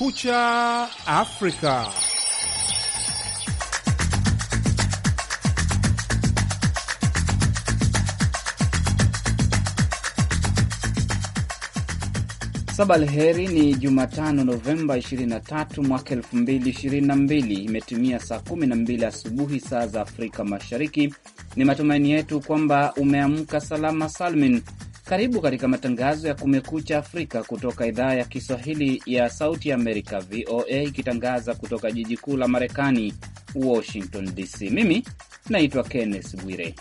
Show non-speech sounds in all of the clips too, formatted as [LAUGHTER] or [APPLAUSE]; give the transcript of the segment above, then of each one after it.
Kumekucha Afrika. Sabalheri ni Jumatano, Novemba 23 mwaka 2022. Imetimia saa 12 asubuhi saa za Afrika Mashariki. Ni matumaini yetu kwamba umeamka salama salmin karibu katika matangazo ya Kumekucha Afrika kutoka idhaa ya Kiswahili ya Sauti Amerika, VOA, ikitangaza kutoka jiji kuu la Marekani, Washington DC. Mimi naitwa Kenneth Bwire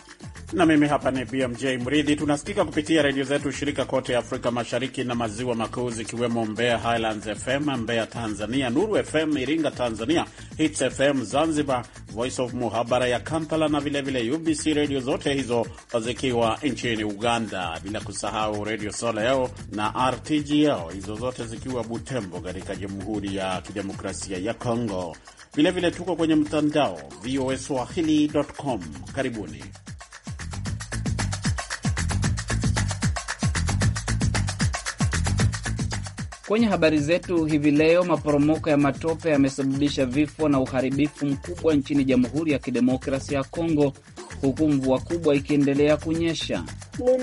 na mimi hapa ni BMJ Mridhi. Tunasikika kupitia redio zetu shirika kote Afrika Mashariki na Maziwa Makuu, zikiwemo Mbeya Highlands FM, Mbeya Tanzania, Nuru FM Iringa Tanzania, Hits FM Zanzibar, Voice of Muhabara ya Kampala na vilevile vile UBC redio zote hizo zikiwa nchini Uganda, bila kusahau redio soleo na RTGL hizo zote zikiwa Butembo katika Jamhuri ya Kidemokrasia ya congo Vilevile tuko kwenye mtandao voa swahili.com. Karibuni. Kwenye habari zetu hivi leo, maporomoko ya matope yamesababisha vifo na uharibifu mkubwa nchini Jamhuri ya Kidemokrasia ya Kongo, huku mvua kubwa ikiendelea kunyesha.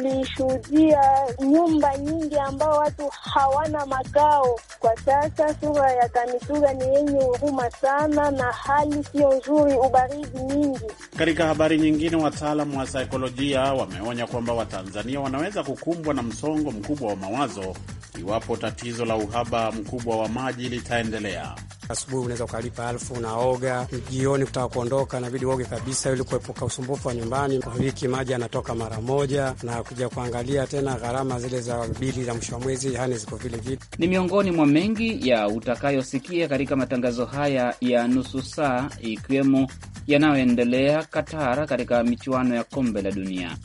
Nilishuhudia nyumba nyingi ambao watu hawana makao kwa sasa. Sura ya kamituga ni yenye huruma sana na hali siyo nzuri, ubaridi nyingi. Katika habari nyingine, wataalamu wa saikolojia wameonya kwamba Watanzania wanaweza kukumbwa na msongo mkubwa wa mawazo iwapo tatizo la uhaba mkubwa wa maji litaendelea. Asubuhi unaweza ukalipa alfu unaoga, jioni kutaka kuondoka nabidi uoge kabisa, ili kuepuka usumbufu wa nyumbani. Kwa wiki maji yanatoka mara moja, na kuja kuangalia tena gharama zile za bili za mwisho wa mwezi, yani ziko vile vile. Ni miongoni mwa mengi ya utakayosikia katika matangazo haya ya nusu saa, ikiwemo yanayoendelea Katara katika michuano ya kombe la dunia.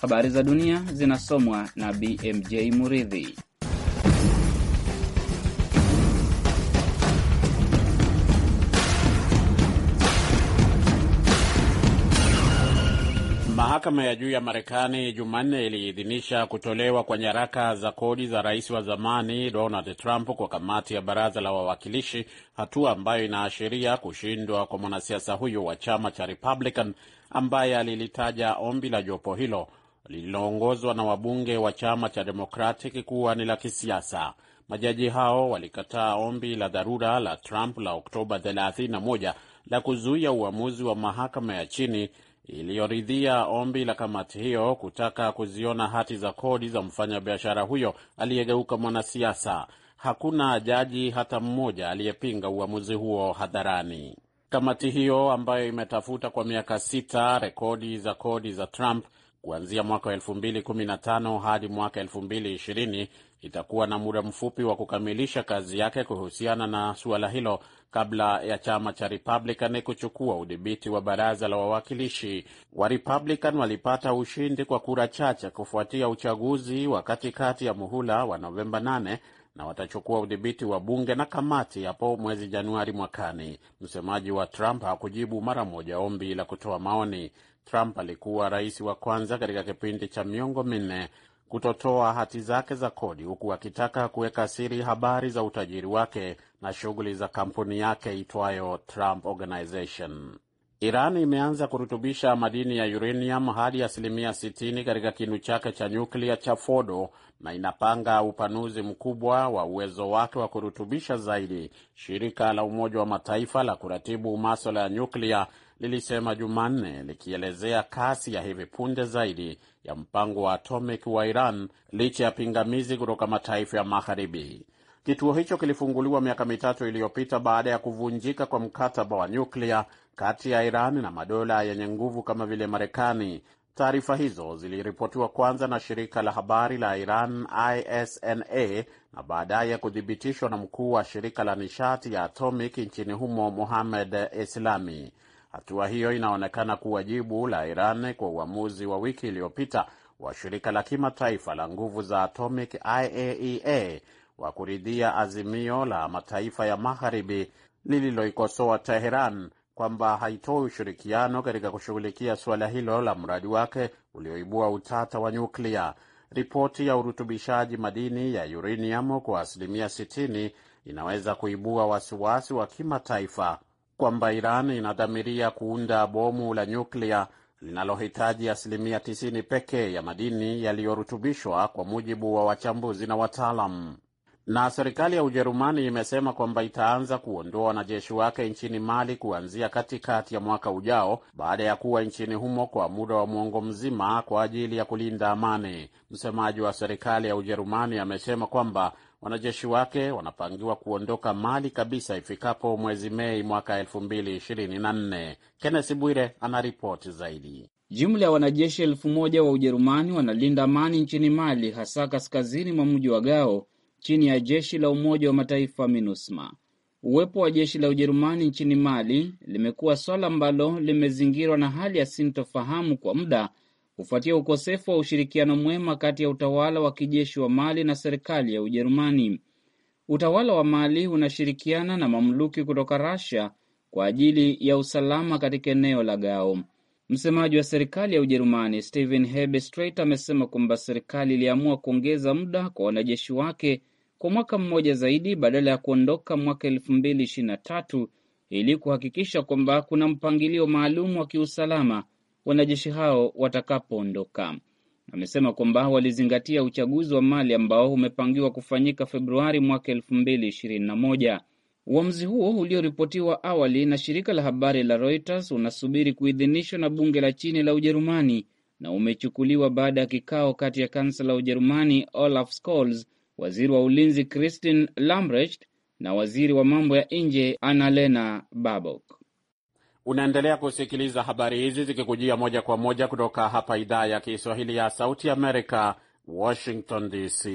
Habari za dunia zinasomwa na BMJ Muridhi. Mahakama ya juu ya Marekani Jumanne iliidhinisha kutolewa kwa nyaraka za kodi za rais wa zamani Donald Trump kwa kamati ya baraza la wawakilishi, hatua ambayo inaashiria kushindwa kwa mwanasiasa huyo wa chama cha Republican ambaye alilitaja ombi la jopo hilo lililoongozwa na wabunge wa chama cha Democratic kuwa ni la kisiasa. Majaji hao walikataa ombi la dharura la Trump la Oktoba 31 la kuzuia uamuzi wa mahakama ya chini iliyoridhia ombi la kamati hiyo kutaka kuziona hati za kodi za mfanyabiashara huyo aliyegeuka mwanasiasa. Hakuna jaji hata mmoja aliyepinga uamuzi huo hadharani. Kamati hiyo ambayo imetafuta kwa miaka sita rekodi za kodi za Trump kuanzia mwaka wa 2015 hadi mwaka itakuwa na muda mfupi wa kukamilisha kazi yake kuhusiana na suala hilo kabla ya chama cha Republican kuchukua udhibiti wa baraza la wawakilishi. Wa Republican walipata ushindi kwa kura chache kufuatia uchaguzi wa katikati ya muhula wa Novemba 8 na watachukua udhibiti wa bunge na kamati hapo mwezi Januari mwakani. Msemaji wa Trump hakujibu mara moja ombi la kutoa maoni. Trump alikuwa rais wa kwanza katika kipindi cha miongo minne kutotoa hati zake za kodi huku akitaka kuweka siri habari za utajiri wake na shughuli za kampuni yake itwayo Trump Organization. Iran imeanza kurutubisha madini ya uranium hadi asilimia 60 katika kinu chake cha nyuklia cha Fordo na inapanga upanuzi mkubwa wa uwezo wake wa kurutubisha zaidi, shirika la Umoja wa Mataifa la kuratibu maswala ya nyuklia lilisema Jumanne likielezea kasi ya hivi punde zaidi ya mpango wa atomic wa Iran licha ya pingamizi kutoka mataifa ya Magharibi. Kituo hicho kilifunguliwa miaka mitatu iliyopita baada ya kuvunjika kwa mkataba wa nyuklia kati ya Iran na madola yenye nguvu kama vile Marekani. Taarifa hizo ziliripotiwa kwanza na shirika la habari la Iran ISNA na baadaye kuthibitishwa na mkuu wa shirika la nishati ya atomic nchini humo Mohamed Islami. Hatua hiyo inaonekana kuwa jibu la Iran kwa uamuzi wa wiki iliyopita wa shirika la kimataifa la nguvu za atomic IAEA e wa kuridhia azimio la mataifa ya magharibi lililoikosoa Teheran kwamba haitoi ushirikiano katika kushughulikia suala hilo la mradi wake ulioibua utata wa nyuklia. Ripoti ya urutubishaji madini ya uranium kwa asilimia 60 inaweza kuibua wasiwasi wa kimataifa kwamba Iran inadhamiria kuunda bomu la nyuklia linalohitaji asilimia 90 pekee ya madini yaliyorutubishwa kwa mujibu wa wachambuzi na wataalam. Na serikali ya Ujerumani imesema kwamba itaanza kuondoa wanajeshi wake nchini Mali kuanzia katikati ya mwaka ujao baada ya kuwa nchini humo kwa muda wa mwongo mzima kwa ajili ya kulinda amani. Msemaji wa serikali ya Ujerumani amesema kwamba wanajeshi wake wanapangiwa kuondoka Mali kabisa ifikapo mwezi Mei mwaka 2024. kennes Bwire anaripoti zaidi. Jumla ya wanajeshi elfu moja wa Ujerumani wanalinda amani nchini Mali, hasa kaskazini mwa mji wa Gao, chini ya jeshi la Umoja wa Mataifa MINUSMA. Uwepo wa jeshi la Ujerumani nchini Mali limekuwa swala ambalo limezingirwa na hali ya sintofahamu kwa muda kufuatia ukosefu wa ushirikiano mwema kati ya utawala wa kijeshi wa Mali na serikali ya Ujerumani. Utawala wa Mali unashirikiana na mamluki kutoka Russia kwa ajili ya usalama katika eneo la Gao. Msemaji wa serikali ya Ujerumani Stephen Hebestreit amesema kwamba serikali iliamua kuongeza muda kwa wanajeshi wake kwa mwaka mmoja zaidi badala ya kuondoka mwaka tatu ili kuhakikisha kwamba kuna mpangilio maalum wa kiusalama wanajeshi hao watakapoondoka. Amesema kwamba walizingatia uchaguzi wa Mali ambao umepangiwa kufanyika Februari mwaka elfu mbili ishirini na moja. Uamuzi huo ulioripotiwa awali na shirika la habari la Reuters unasubiri kuidhinishwa na bunge la chini la Ujerumani na umechukuliwa baada ya kikao kati ya kansela wa Ujerumani Olaf Scholz, waziri wa ulinzi Christine Lambrecht na waziri wa mambo ya nje Annalena Baerbock. Unaendelea kusikiliza habari hizi zikikujia moja kwa moja kutoka hapa idhaa ya Kiswahili ya Sauti Amerika, Washington DC.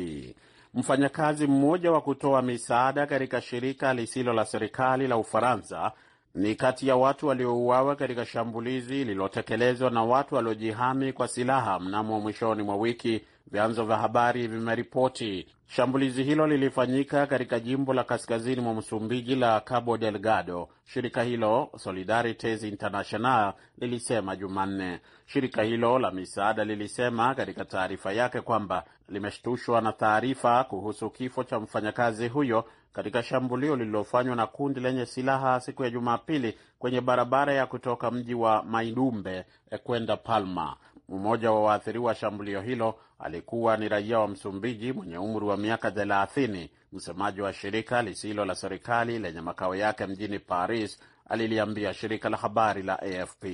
Mfanyakazi mmoja wa kutoa misaada katika shirika lisilo la serikali la Ufaransa ni kati ya watu waliouawa katika shambulizi lililotekelezwa na watu waliojihami kwa silaha mnamo mwishoni mwa wiki vyanzo vya habari vimeripoti. Shambulizi hilo lilifanyika katika jimbo la kaskazini mwa Msumbiji la Cabo Delgado, shirika hilo Solidarites International lilisema Jumanne. Shirika hilo la misaada lilisema katika taarifa yake kwamba limeshtushwa na taarifa kuhusu kifo cha mfanyakazi huyo katika shambulio lililofanywa na kundi lenye silaha siku ya Jumapili kwenye barabara ya kutoka mji wa Maidumbe eh, kwenda Palma. Mmoja wa waathiriwa shambulio hilo alikuwa ni raia wa Msumbiji mwenye umri wa miaka thelathini. Msemaji wa shirika lisilo la serikali lenye makao yake mjini Paris aliliambia shirika la habari la AFP.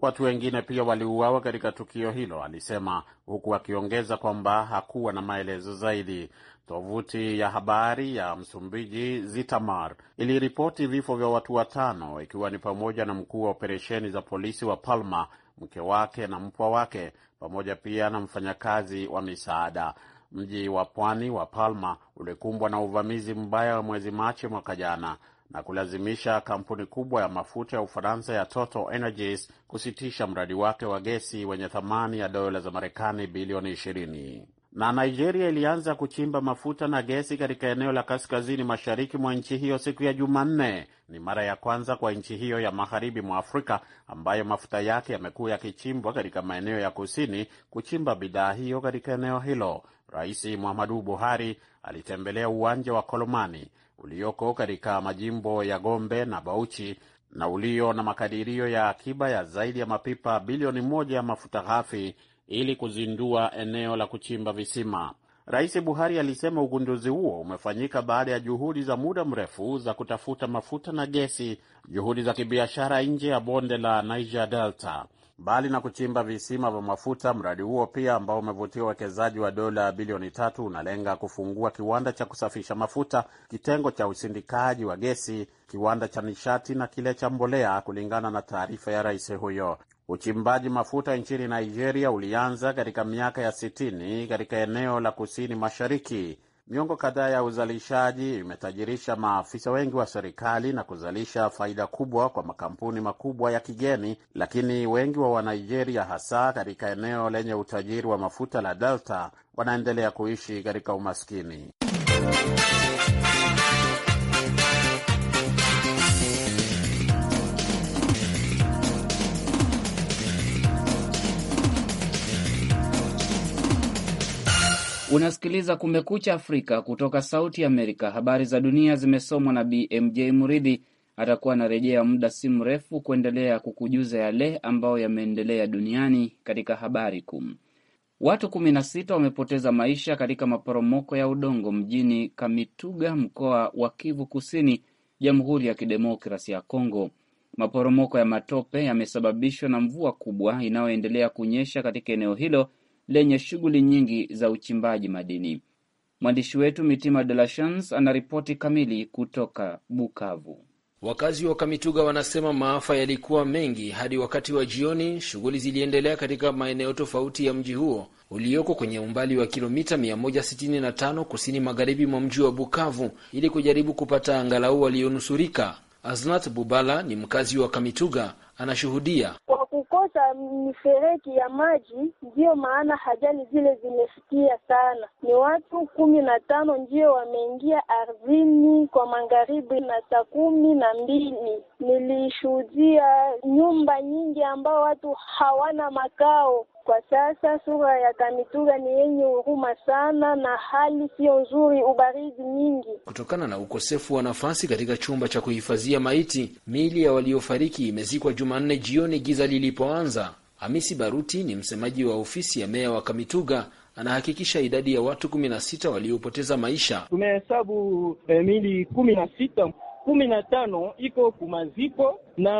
Watu wengine pia waliuawa katika tukio hilo, alisema, huku akiongeza kwamba hakuwa na maelezo zaidi. Tovuti ya habari ya Msumbiji Zitamar iliripoti vifo vya watu watano, ikiwa ni pamoja na mkuu wa operesheni za polisi wa Palma mke wake na mpwa wake, pamoja pia na mfanyakazi wa misaada. Mji wa pwani wa Palma ulikumbwa na uvamizi mbaya wa mwezi Machi mwaka jana na kulazimisha kampuni kubwa ya mafuta ya Ufaransa ya Total Energies kusitisha mradi wake wa gesi wenye thamani ya dola za Marekani bilioni 20 na Nigeria ilianza kuchimba mafuta na gesi katika eneo la kaskazini mashariki mwa nchi hiyo siku ya Jumanne. Ni mara ya kwanza kwa nchi hiyo ya magharibi mwa Afrika ambayo mafuta yake yamekuwa yakichimbwa katika maeneo ya kusini kuchimba bidhaa hiyo katika eneo hilo. Rais Muhammadu Buhari alitembelea uwanja wa Kolomani ulioko katika majimbo ya Gombe na Bauchi na ulio na makadirio ya akiba ya zaidi ya mapipa bilioni moja ya mafuta ghafi ili kuzindua eneo la kuchimba visima. Rais Buhari alisema ugunduzi huo umefanyika baada ya juhudi za muda mrefu za kutafuta mafuta na gesi, juhudi za kibiashara nje ya bonde la Niger Delta. Mbali na kuchimba visima vya mafuta, mradi huo pia ambao umevutia uwekezaji wa dola bilioni tatu unalenga kufungua kiwanda cha kusafisha mafuta, kitengo cha usindikaji wa gesi, kiwanda cha nishati na kile cha mbolea, kulingana na taarifa ya rais huyo. Uchimbaji mafuta nchini Nigeria ulianza katika miaka ya 60 katika eneo la kusini mashariki. Miongo kadhaa ya uzalishaji imetajirisha maafisa wengi wa serikali na kuzalisha faida kubwa kwa makampuni makubwa ya kigeni, lakini wengi wa Wanigeria, hasa katika eneo lenye utajiri wa mafuta la Delta, wanaendelea kuishi katika umaskini. Unasikiliza Kumekucha Afrika kutoka Sauti Amerika. Habari za dunia zimesomwa na BMJ Muridhi. Atakuwa anarejea muda si mrefu kuendelea kukujuza yale ambayo yameendelea duniani katika habari kuu. Watu kumi na sita wamepoteza maisha katika maporomoko ya udongo mjini Kamituga, mkoa wa Kivu Kusini, Jamhuri ya Kidemokrasi ya Kongo. Maporomoko ya matope yamesababishwa na mvua kubwa inayoendelea kunyesha katika eneo hilo lenye shughuli nyingi za uchimbaji madini. Mwandishi wetu Mitima De La Chance anaripoti kamili kutoka Bukavu. Wakazi wa Kamituga wanasema maafa yalikuwa mengi hadi wakati wa jioni. Shughuli ziliendelea katika maeneo tofauti ya mji huo ulioko kwenye umbali wa kilomita 165 kusini magharibi mwa mji wa Bukavu ili kujaribu kupata angalau walionusurika. Aznat Bubala ni mkazi wa Kamituga, anashuhudia. Kwa kukosa mifereji ya maji, ndiyo maana hajali zile zimefikia sana. Ni watu kumi na tano ndio wameingia ardhini kwa magharibi na saa kumi na mbili nilishuhudia nyumba nyingi ambao watu hawana makao. Kwa sasa sura ya Kamituga ni yenye huruma sana na hali siyo nzuri, ubaridi nyingi. Kutokana na ukosefu wa nafasi katika chumba cha kuhifadhia maiti, miili ya waliofariki imezikwa Jumanne jioni giza lilipoanza. Hamisi Baruti ni msemaji wa ofisi ya meya wa Kamituga anahakikisha idadi ya watu kumi na sita waliopoteza maisha. Tumehesabu eh, mili kumi na sita kumi na tano iko kumaziko na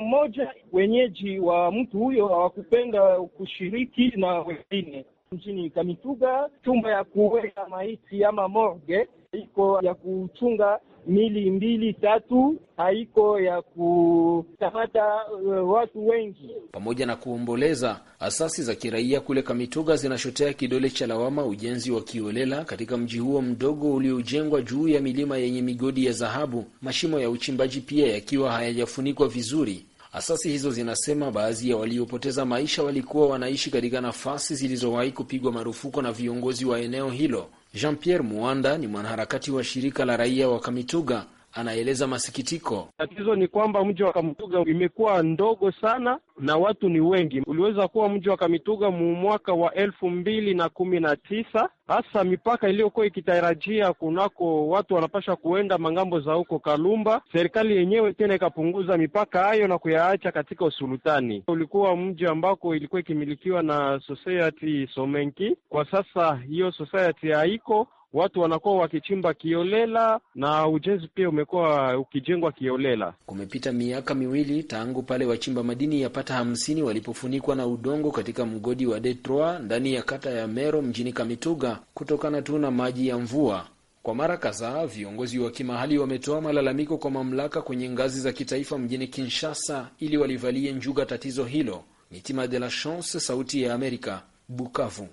moja wenyeji wa mtu huyo hawakupenda kushiriki na wengine mjini Kamituga. Chumba ya kuweka maiti ama morge iko ya kuchunga mili mbili tatu haiko ya kukamata uh, watu wengi. Pamoja na kuomboleza, asasi za kiraia kule Kamituga zinashotea kidole cha lawama ujenzi wa kiolela katika mji huo mdogo uliojengwa juu ya milima yenye migodi ya dhahabu, mashimo ya uchimbaji pia yakiwa hayajafunikwa vizuri. Asasi hizo zinasema baadhi ya waliopoteza maisha walikuwa wanaishi katika nafasi zilizowahi kupigwa marufuku na viongozi wa eneo hilo. Jean Pierre Muanda ni mwanaharakati wa shirika la raia wa Kamituga anaeleza masikitiko. Tatizo ni kwamba mji wa Kamituga imekuwa ndogo sana na watu ni wengi. Uliweza kuwa mji wa Kamituga mu mwaka wa elfu mbili na kumi na tisa hasa mipaka iliyokuwa ikitarajia kunako watu wanapasha kuenda mangambo za huko Kalumba, serikali yenyewe tena ikapunguza mipaka hayo na kuyaacha katika usultani. Ulikuwa mji ambako ilikuwa ikimilikiwa na society Somenki, kwa sasa hiyo society haiko watu wanakuwa wakichimba kiolela na ujenzi pia umekuwa ukijengwa kiolela. Kumepita miaka miwili tangu pale wachimba madini yapata hamsini walipofunikwa na udongo katika mgodi wa Detroit ndani ya kata ya Mero mjini Kamituga kutokana tu na maji ya mvua. Kwa mara kadhaa viongozi wa kimahali wametoa malalamiko kwa mamlaka kwenye ngazi za kitaifa mjini Kinshasa ili walivalie njuga tatizo hilo. Mitima de la Chance, Sauti ya Amerika, Bukavu.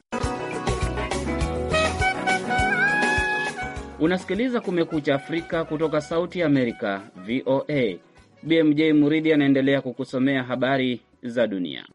Unasikiliza Kumekucha Afrika kutoka Sauti ya Amerika, VOA. BMJ Muridi anaendelea kukusomea habari za dunia.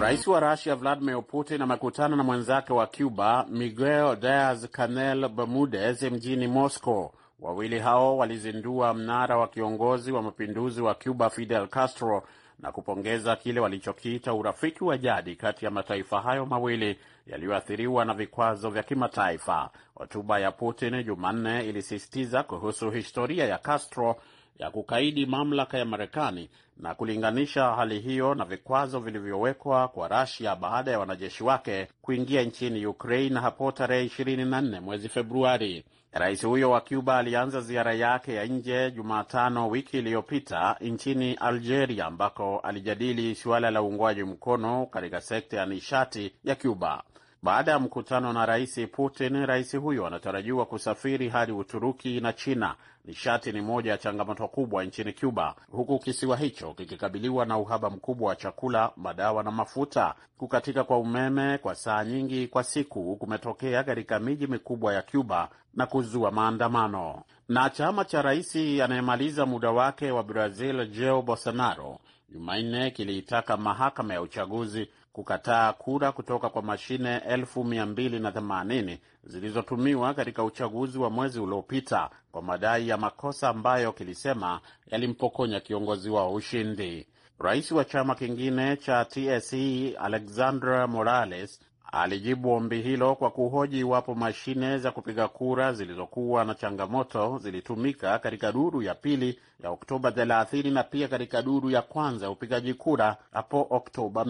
Rais wa Rusia Vladimir Putin amekutana na mwenzake wa Cuba Miguel Diaz Canel Bermudez mjini Moscow. Wawili hao walizindua mnara wa kiongozi wa mapinduzi wa Cuba Fidel Castro na kupongeza kile walichokiita urafiki wa jadi kati ya mataifa hayo mawili yaliyoathiriwa na vikwazo vya kimataifa. Hotuba ya Putin Jumanne ilisisitiza kuhusu historia ya Castro ya kukaidi mamlaka ya Marekani na kulinganisha hali hiyo na vikwazo vilivyowekwa kwa Rasia baada ya wanajeshi wake kuingia nchini Ukraine hapo tarehe 24 mwezi Februari. Rais huyo wa Cuba alianza ziara yake ya nje Jumatano wiki iliyopita nchini Algeria, ambako alijadili suala la uungwaji mkono katika sekta ya nishati ya Cuba. Baada ya mkutano na Rais Putin, rais huyo anatarajiwa kusafiri hadi Uturuki na China. Nishati ni moja ya changamoto kubwa nchini Cuba, huku kisiwa hicho kikikabiliwa na uhaba mkubwa wa chakula, madawa na mafuta. Kukatika kwa umeme kwa saa nyingi kwa siku kumetokea katika miji mikubwa ya Cuba na kuzua maandamano. Na chama cha rais anayemaliza muda wake wa Brazil, Jair Bolsonaro, Jumanne kiliitaka mahakama ya uchaguzi kukataa kura kutoka kwa mashine 280,000 zilizotumiwa katika uchaguzi wa mwezi uliopita kwa madai ya makosa ambayo kilisema yalimpokonya kiongozi wao ushindi. Rais wa chama kingine cha TSE Alexandra Morales alijibu ombi hilo kwa kuhoji iwapo mashine za kupiga kura zilizokuwa na changamoto zilitumika katika duru ya pili ya Oktoba 30 na pia katika duru ya kwanza ya upigaji kura hapo Oktoba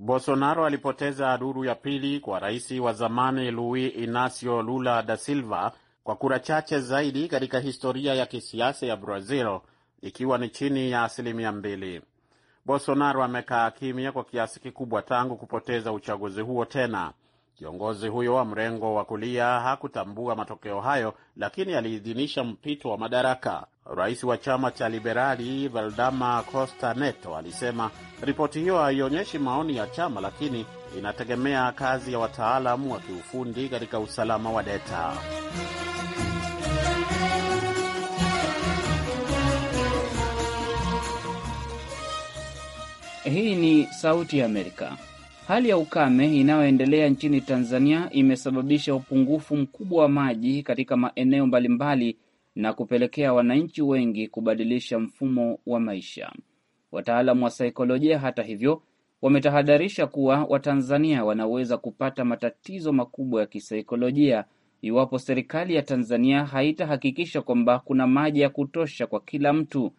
Bolsonaro alipoteza duru ya pili kwa rais wa zamani Luis Inacio Lula da Silva kwa kura chache zaidi katika historia ya kisiasa ya Brazil, ikiwa ni chini ya asilimia mbili. Bolsonaro amekaa kimya kwa kiasi kikubwa tangu kupoteza uchaguzi huo tena. Kiongozi huyo wa mrengo wa kulia hakutambua matokeo hayo, lakini aliidhinisha mpito wa madaraka. Rais wa chama cha Liberali Valdama Costa Neto alisema ripoti hiyo haionyeshi maoni ya chama, lakini inategemea kazi ya wataalamu wa kiufundi katika usalama wa data. Hii ni Sauti ya Amerika. Hali ya ukame inayoendelea nchini Tanzania imesababisha upungufu mkubwa wa maji katika maeneo mbalimbali na kupelekea wananchi wengi kubadilisha mfumo wa maisha. Wataalamu wa saikolojia, hata hivyo, wametahadharisha kuwa Watanzania wanaweza kupata matatizo makubwa ya kisaikolojia iwapo serikali ya Tanzania haitahakikisha kwamba kuna maji ya kutosha kwa kila mtu.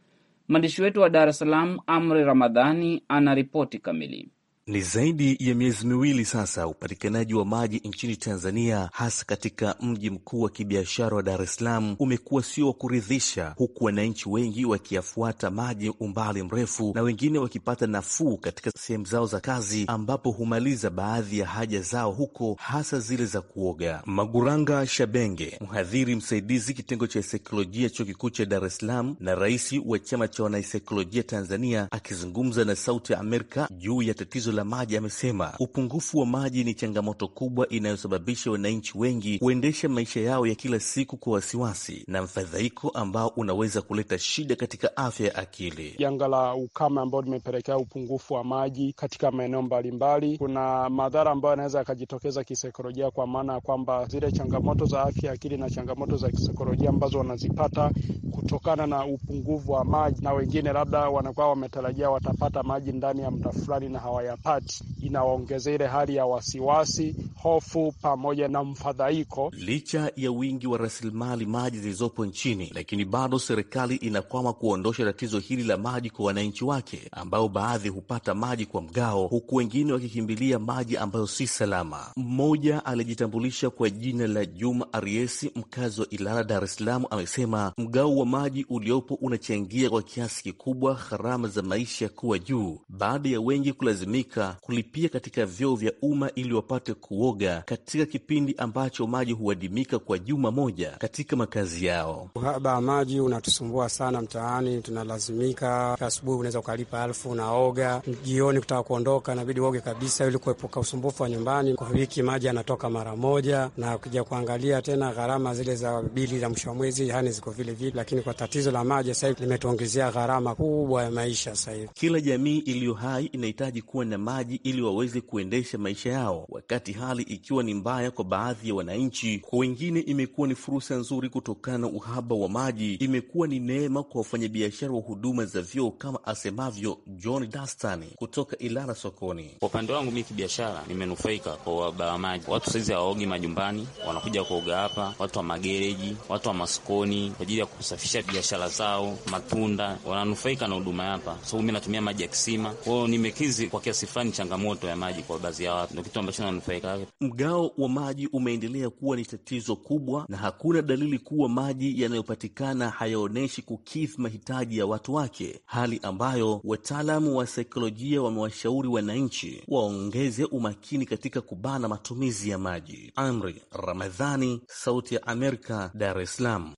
Mwandishi wetu wa Dar es Salaam, Amri Ramadhani, ana ripoti kamili. Ni zaidi ya miezi miwili sasa upatikanaji wa maji nchini Tanzania, hasa katika mji mkuu wa kibiashara wa Dar es Salaam, umekuwa sio wa kuridhisha, huku wananchi wengi wakiyafuata maji umbali mrefu na wengine wakipata nafuu katika sehemu zao za kazi, ambapo humaliza baadhi ya haja zao huko, hasa zile za kuoga. Maguranga Shabenge, mhadhiri msaidizi kitengo cha saikolojia chuo kikuu cha Dar es Salaam na rais wa chama cha wanaisaikolojia Tanzania, akizungumza na Sauti ya Amerika juu ya tatizo la maji amesema upungufu wa maji ni changamoto kubwa inayosababisha wananchi wengi kuendesha maisha yao ya kila siku kwa wasiwasi na mfadhaiko ambao unaweza kuleta shida katika afya ya akili. Janga la ukame ambao limepelekea upungufu wa maji katika maeneo mbalimbali, kuna madhara ambayo yanaweza yakajitokeza kisaikolojia, kwa maana ya kwamba zile changamoto za afya ya akili na changamoto za kisaikolojia ambazo wanazipata kutokana na upungufu wa maji, na wengine labda wanakuwa wametarajia watapata maji ndani ya muda fulani na hawayapata Chapati inaongeza ile hali ya wasiwasi, hofu pamoja na mfadhaiko. Licha ya wingi wa rasilimali maji zilizopo nchini, lakini bado serikali inakwama kuondosha tatizo hili la maji kwa wananchi wake, ambao baadhi hupata maji kwa mgao, huku wengine wakikimbilia maji ambayo si salama. Mmoja alijitambulisha kwa jina la Juma Ariesi, mkazi wa Ilala, Dar es Salaam, amesema mgao wa maji uliopo unachangia kwa kiasi kikubwa gharama za maisha kuwa juu baada ya wengi kulazimika kulazimika kulipia katika vyoo vya umma ili wapate kuoga katika kipindi ambacho maji huadimika kwa juma moja katika makazi yao. Uhaba wa maji unatusumbua sana mtaani, tunalazimika. Asubuhi unaweza ukalipa elfu unaoga, jioni kutaka kuondoka inabidi uoge kabisa ili kuepuka usumbufu wa nyumbani. Kwa wiki maji yanatoka mara moja, na ukija kuangalia tena gharama zile za bili za mwisho wa mwezi yani ziko vile vile, lakini kwa tatizo la maji sasa hivi limetuongezea gharama kubwa ya maisha sasa hivi. Kila jamii iliyo hai inahitaji kuwa na maji ili waweze kuendesha maisha yao, wakati hali ikiwa ni mbaya kwa baadhi ya wananchi. Kwa wengine imekuwa ni fursa nzuri kutokana na uhaba wa maji, imekuwa ni neema kwa wafanyabiashara wa huduma za vyoo, kama asemavyo John Dastan kutoka Ilala sokoni. Kwa upande wangu mi kibiashara, nimenufaika kwa uhaba wa maji. Watu saizi hawaogi majumbani, wanakuja kuoga hapa, watu wa magereji, watu wa masokoni kwa ajili ya kusafisha biashara zao, matunda, wananufaika na huduma hapa, sababu so, mi natumia maji ya kisima kwao, nimekizi kwa kiasi fulani changamoto ya maji kwa baadhi ya watu, ndio kitu ambacho nanufaika. Mgao wa maji umeendelea kuwa ni tatizo kubwa, na hakuna dalili kuwa maji yanayopatikana hayaonyeshi kukidhi mahitaji ya watu wake, hali ambayo wataalamu wa saikolojia wamewashauri wananchi waongeze umakini katika kubana matumizi ya maji. Amri Ramadhani, Sauti ya Amerika, Dar es Salaam.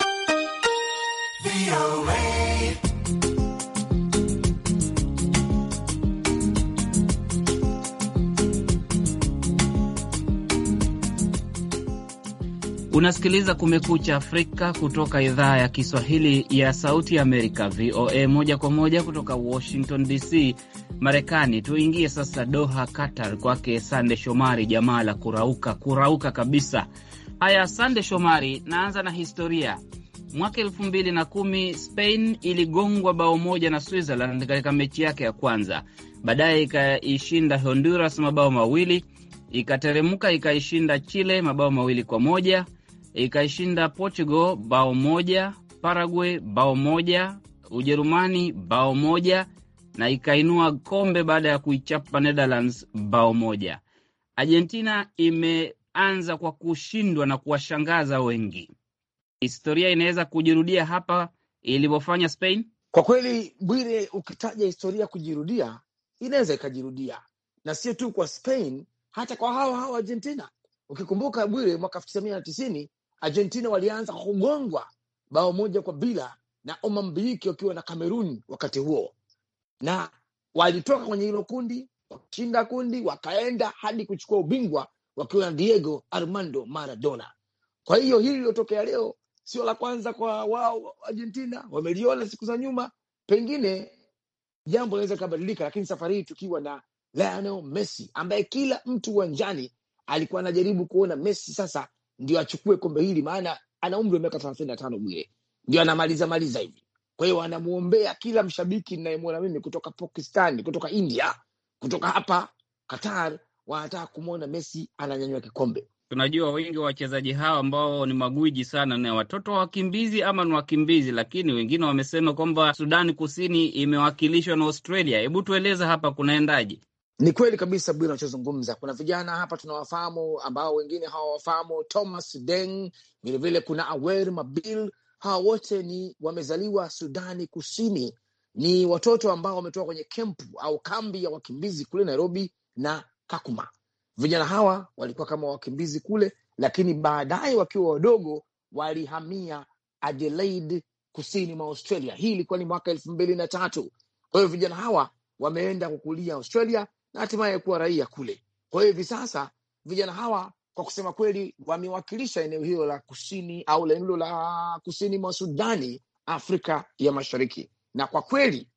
Unasikiliza Kumekucha Afrika kutoka idhaa ya Kiswahili ya Sauti Amerika, VOA, moja kwa moja kutoka Washington DC, Marekani. Tuingie sasa Doha, Qatar, kwake Sande Shomari. Jamaa la kurauka kurauka kabisa. Haya, Sande Shomari, naanza na historia. Mwaka elfu mbili na kumi Spain iligongwa bao moja na Switzerland katika mechi yake ya kwanza. Baadaye ikaishinda Honduras mabao mawili, ikateremka ikaishinda Chile mabao mawili kwa moja ikaishinda Portugal bao moja, Paraguay bao moja, Ujerumani bao moja na ikainua kombe baada ya kuichapa Netherlands bao moja. Argentina imeanza kwa kushindwa na kuwashangaza wengi. Historia inaweza kujirudia hapa ilivyofanya Spain. Kwa kweli, Bwire, ukitaja historia kujirudia, inaweza ikajirudia na sio tu kwa Spain, hata kwa hawa hawa Argentina. Ukikumbuka Bwire, mwaka elfu tisa mia na tisini Argentina walianza kugongwa bao moja kwa bila na Mozambiki wakiwa na Kamerun wakati huo, na walitoka kwenye hilo kundi wakashinda kundi, wakaenda hadi kuchukua ubingwa wakiwa na Diego Armando Maradona. Kwa hiyo hili lilotokea leo sio la kwanza kwa wao, Argentina wameliona siku za nyuma, pengine jambo linaweza likabadilika, lakini safari hii tukiwa na Lionel Messi ambaye kila mtu uwanjani alikuwa anajaribu kuona Messi sasa ndio achukue kombe hili, maana ana umri wa miaka thelathini na tano Bwire, ndio anamaliza maliza hivi. Kwa hiyo anamwombea kila mshabiki ninayemwona mimi kutoka Pakistan, kutoka India, kutoka hapa Qatar, wanataka kumwona Messi ananyanywa kikombe. Tunajua wengi wa wachezaji hawa ambao ni magwiji sana ni watoto wa wakimbizi ama ni wakimbizi, lakini wengine wamesema kwamba Sudani Kusini imewakilishwa na Australia. Hebu tueleza hapa kunaendaje? Ni kweli kabisa bila unachozungumza. Kuna vijana hapa tunawafahamu ambao wengine hawawafahamu, Thomas Deng, vilevile kuna Awer Mabil. Hawa wote ni wamezaliwa Sudani Kusini, ni watoto ambao wametoka kwenye kempu au kambi ya wakimbizi kule Nairobi na Kakuma. Vijana hawa walikuwa kama wakimbizi kule, lakini baadaye wakiwa wadogo walihamia Adelaide, kusini mwa Australia. Hii ilikuwa ni mwaka elfu mbili na tatu. Kwa hiyo vijana hawa wameenda kukulia Australia na hatimaye kuwa raia kule. Kwa hiyo hivi sasa vijana hawa kwa kusema kweli wamewakilisha eneo hilo la kusini au hilo la kusini mwa Sudani, Afrika ya Mashariki, na kwa kweli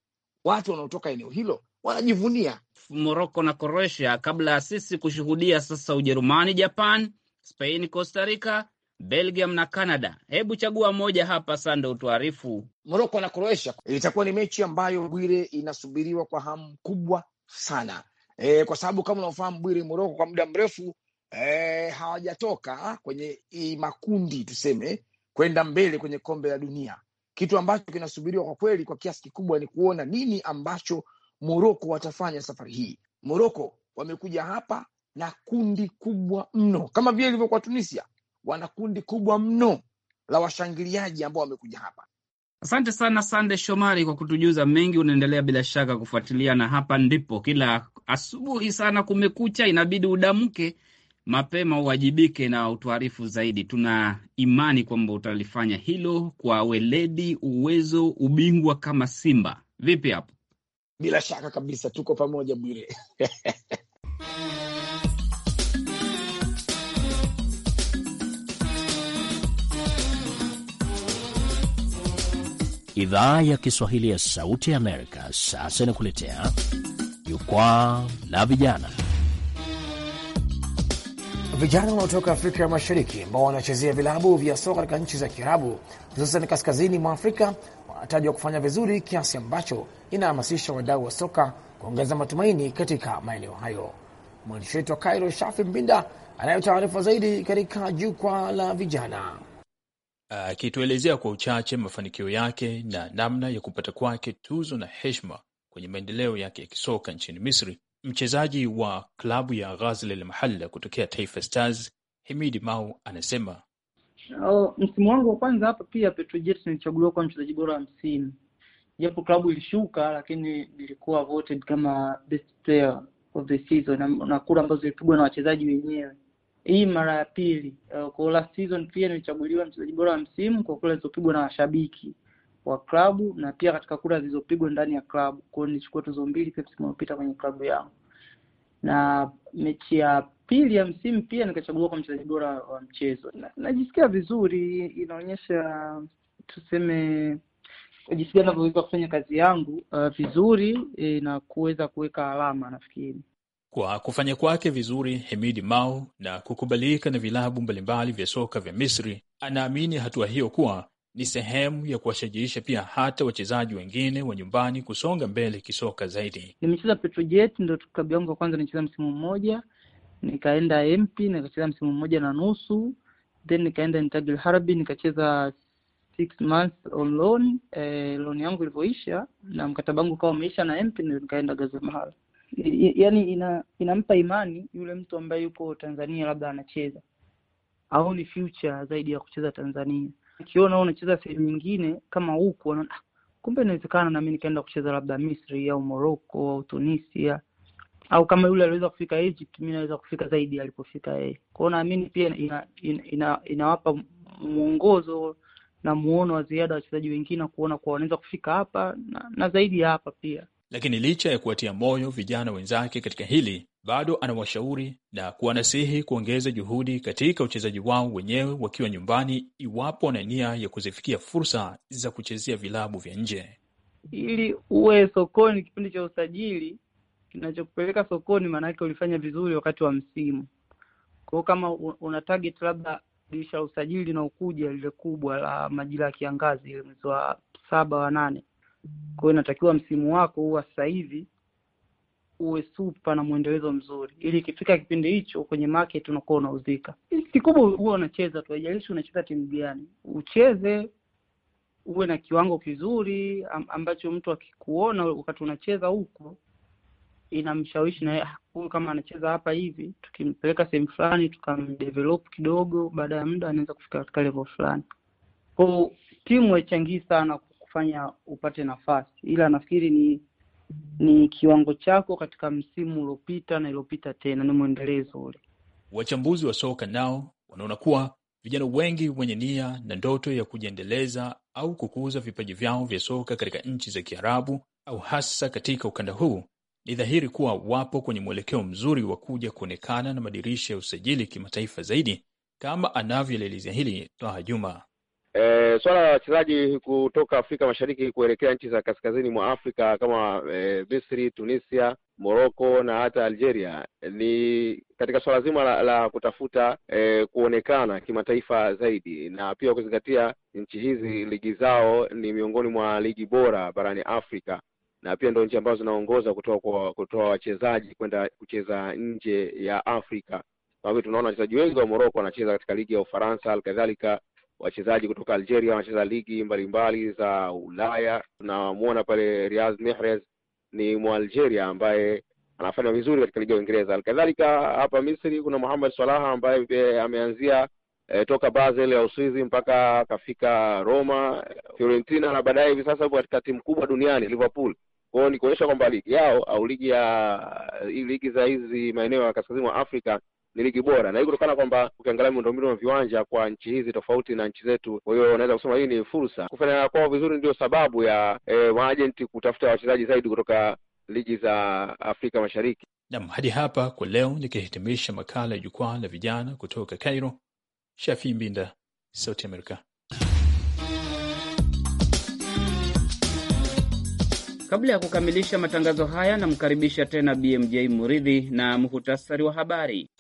watu wanaotoka eneo hilo wanajivunia Moroko na Croatia kabla ya sisi kushuhudia sasa Ujerumani, Japan, Spain, Costa Rica, Belgium na Canada. Hebu chagua moja hapa, sando utuarifu. Moroko na Croatia itakuwa ni mechi ambayo Bwire inasubiriwa kwa hamu kubwa sana e, kwa sababu kama unaofahamu Bwire, Moroko kwa muda mrefu e, hawajatoka ah, kwenye makundi tuseme kwenda mbele kwenye kombe la dunia, kitu ambacho kinasubiriwa kwa kweli kwa kiasi kikubwa ni kuona nini ambacho Moroko watafanya safari hii. Moroko wamekuja hapa na kundi kubwa mno, kama vile ilivyokuwa Tunisia, wana kundi kubwa mno la washangiliaji ambao wamekuja hapa. Asante sana Sande Shomari kwa kutujuza mengi. Unaendelea bila shaka kufuatilia, na hapa ndipo kila asubuhi sana kumekucha, inabidi udamke mapema, uwajibike na utuarifu zaidi. Tuna imani kwamba utalifanya hilo kwa weledi, uwezo, ubingwa kama Simba. Vipi hapo? Bila shaka kabisa, tuko pamoja Bwire. [LAUGHS] Idhaa ya Kiswahili ya Sauti ya Amerika sasa inakuletea jukwaa la vijana. Vijana wanaotoka Afrika ya Mashariki ambao wanachezea vilabu vya soka katika nchi za Kiarabu, hususan kaskazini mwa Afrika, wanatajwa kufanya vizuri kiasi ambacho inahamasisha wadau wa soka kuongeza matumaini katika maeneo hayo. Mwandishi wetu wa Kairo, Shafi Mbinda, anayo taarifa zaidi katika jukwaa la vijana. Uh, akituelezea kwa uchache mafanikio yake na namna ya kupata kwake tuzo na heshima kwenye maendeleo yake ya kisoka nchini Misri. Mchezaji wa klabu ya ghazi Al Mahalla kutokea Taifa Stars, Himidi Mau anasema oh, msimu wangu wa kwanza hapa pia Petro Jet nilichaguliwa kuwa mchezaji bora hamsini, japo klabu ilishuka, lakini nilikuwa voted kama best player of the season na, na kura ambazo zilipigwa na wachezaji wenyewe hii mara ya pili uh, kwa last season pia nilichaguliwa mchezaji bora wa msimu kwa kura zilizopigwa na washabiki wa klabu na pia katika kura zilizopigwa ndani ya klabu. Kwa hiyo nilichukua tuzo mbili pia msimu uliopita kwenye klabu yangu, na mechi ya pili ya msimu pia nikachaguliwa kwa mchezaji bora wa mchezo. Najisikia na vizuri, inaonyesha tuseme jinsi gani navyoweza kufanya kazi yangu uh, vizuri e, na kuweza kuweka alama nafikiri. Kwa kufanya kwake vizuri Hemidi Mau na kukubalika na vilabu mbalimbali vya soka vya Misri, anaamini hatua hiyo kuwa ni sehemu ya kuwashajiisha pia hata wachezaji wengine wa nyumbani kusonga mbele kisoka zaidi. Nimecheza Petrojet, ndo klabu yangu ya kwanza, nimecheza msimu mmoja, nikaenda MP nikacheza msimu mmoja na nusu, then nikaenda Intagil Harbi nikacheza six months on loan. Eh, loan yangu ilivyoisha na mkataba wangu ukawa umeisha na MP, nikaenda Gazemahal yani ina, inampa imani yule mtu ambaye yuko Tanzania labda anacheza ni future zaidi ya kucheza Tanzania. Akiona unacheza sehemu nyingine kama huku, anaona ah, kumbe inawezekana na mimi nikaenda kucheza labda Misri au Morocco au Tunisia au kama yule aliweza kufika Egypt, mimi naweza kufika zaidi alipofika yeye. Kwa hiyo naamini pia inawapa ina, ina, ina mwongozo na muono wa ziada wachezaji wengine kuona kuwa wanaweza kufika hapa na, na zaidi ya hapa pia. Lakini licha ya kuwatia moyo vijana wenzake katika hili, bado anawashauri na kuwanasihi kuongeza juhudi katika uchezaji wao wenyewe wakiwa nyumbani, iwapo na nia ya kuzifikia fursa za kuchezea vilabu vya nje. Ili uwe sokoni kipindi cha usajili, kinachokupeleka sokoni, maanake ulifanya vizuri wakati wa msimu. Kwa hiyo kama una target labda dirisha la usajili linaokuja lile kubwa la majira ya kiangazi, ile mwezi wa saba wa nane kwa hiyo inatakiwa msimu wako huwa sasa hivi uwe supa na mwendelezo mzuri, ili ikifika kipindi hicho kwenye market unakuwa unauzika. Kikubwa huwa unacheza tu, haijalishi unacheza timu gani, ucheze uwe na kiwango kizuri ambacho mtu akikuona wakati unacheza huko inamshawishi naye huyu, kama anacheza hapa hivi, tukimpeleka sehemu fulani tukamdevelop kidogo, baada ya muda anaweza kufika katika level fulani. Kwa timu haichangii sana kufanya upate nafasi, ila nafikiri ni ni kiwango chako katika msimu uliopita na iliyopita tena, ni mwendelezo ule. Wachambuzi wa soka nao wanaona kuwa vijana wengi wenye nia na ndoto ya kujiendeleza au kukuza vipaji vyao vya soka katika nchi za Kiarabu au hasa katika ukanda huu, ni dhahiri kuwa wapo kwenye mwelekeo mzuri wa kuja kuonekana na madirisha ya usajili kimataifa zaidi, kama anavyoelezea hili Twaha Juma. E, swala la wachezaji kutoka Afrika Mashariki kuelekea nchi za kaskazini mwa Afrika kama e, Misri, Tunisia, Morocco na hata Algeria eh, ni katika swala zima la, la kutafuta e, kuonekana kimataifa zaidi na pia kuzingatia nchi hizi ligi zao ni miongoni mwa ligi bora barani Afrika na pia ndio nchi ambazo zinaongoza kutoa kwa kutoa wachezaji kwenda kucheza nje ya Afrika. Kwa hivyo tunaona wachezaji wengi wa Morocco wanacheza katika ligi ya Ufaransa, halikadhalika wachezaji kutoka Algeria wanacheza ligi mbalimbali za Ulaya. Tunamwona pale Riaz Mehrez ni Mwalgeria ambaye anafanya vizuri katika ligi ya Uingereza. Halikadhalika hapa Misri kuna Mohamed Salah ambaye eh, ameanzia e, toka Basel ya Uswizi mpaka akafika Roma, Fiorentina na baadaye hivi sasa yupo katika timu kubwa duniani Liverpool. Kwa hiyo ni kuonyesha kwamba ligi yao au ligi ya eh, ligi za hizi maeneo ya kaskazini mwa Afrika ni ligi bora, na hii kutokana kwamba ukiangalia miundombinu ya viwanja kwa nchi hizi tofauti na nchi zetu. Kwa hiyo unaweza kusema hii ni fursa. Kufanya kwao vizuri ndio sababu ya e, maajenti kutafuta wachezaji zaidi kutoka ligi za Afrika Mashariki. Nam, hadi hapa kwa leo, nikihitimisha makala ya jukwaa la vijana kutoka Cairo. Shafi Mbinda, Sauti Amerika. Kabla ya kukamilisha matangazo haya, namkaribisha tena BMJ Muridhi na muhutasari wa habari.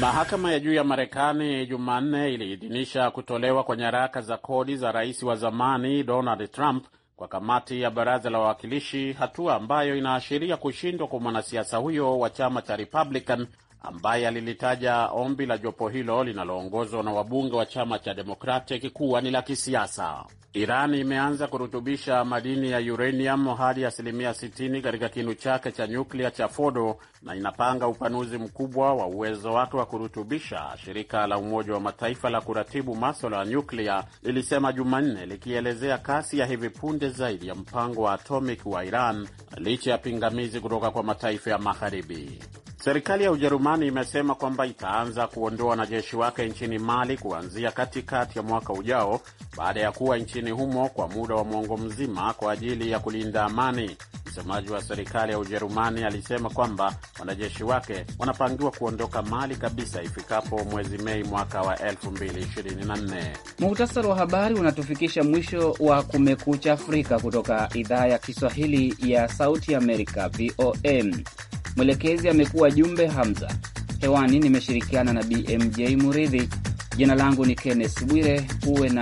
Mahakama ya juu ya Marekani Jumanne iliidhinisha kutolewa kwa nyaraka za kodi za rais wa zamani Donald Trump kwa kamati ya baraza la wawakilishi, hatua ambayo inaashiria kushindwa kwa mwanasiasa huyo wa chama cha Republican ambaye alilitaja ombi la jopo hilo linaloongozwa na wabunge wa chama cha Democratic kuwa ni la kisiasa. Iran imeanza kurutubisha madini ya uranium hadi asilimia 60 katika kinu chake cha nyuklia cha Fordo na inapanga upanuzi mkubwa wa uwezo wake wa kurutubisha, shirika la Umoja wa Mataifa la kuratibu maswala ya nyuklia lilisema Jumanne, likielezea kasi ya hivi punde zaidi ya mpango wa atomic wa Iran licha ya pingamizi kutoka kwa mataifa ya Magharibi. Serikali ya Ujerumani imesema kwamba itaanza kuondoa wanajeshi wake nchini Mali kuanzia katikati ya mwaka ujao baada ya kuwa nchini humo kwa muda wa mwongo mzima kwa ajili ya kulinda amani. Msemaji wa serikali ya Ujerumani alisema kwamba wanajeshi wake wanapangiwa kuondoka Mali kabisa ifikapo mwezi Mei mwaka wa 2024. Muhtasari wa habari unatufikisha mwisho wa Kumekucha Afrika kutoka idhaa ya Kiswahili ya Sauti Amerika, VOM. Mwelekezi amekuwa Jumbe Hamza. Hewani nimeshirikiana na BMJ Muridhi. Jina langu ni Kenneth Bwire. Uwe na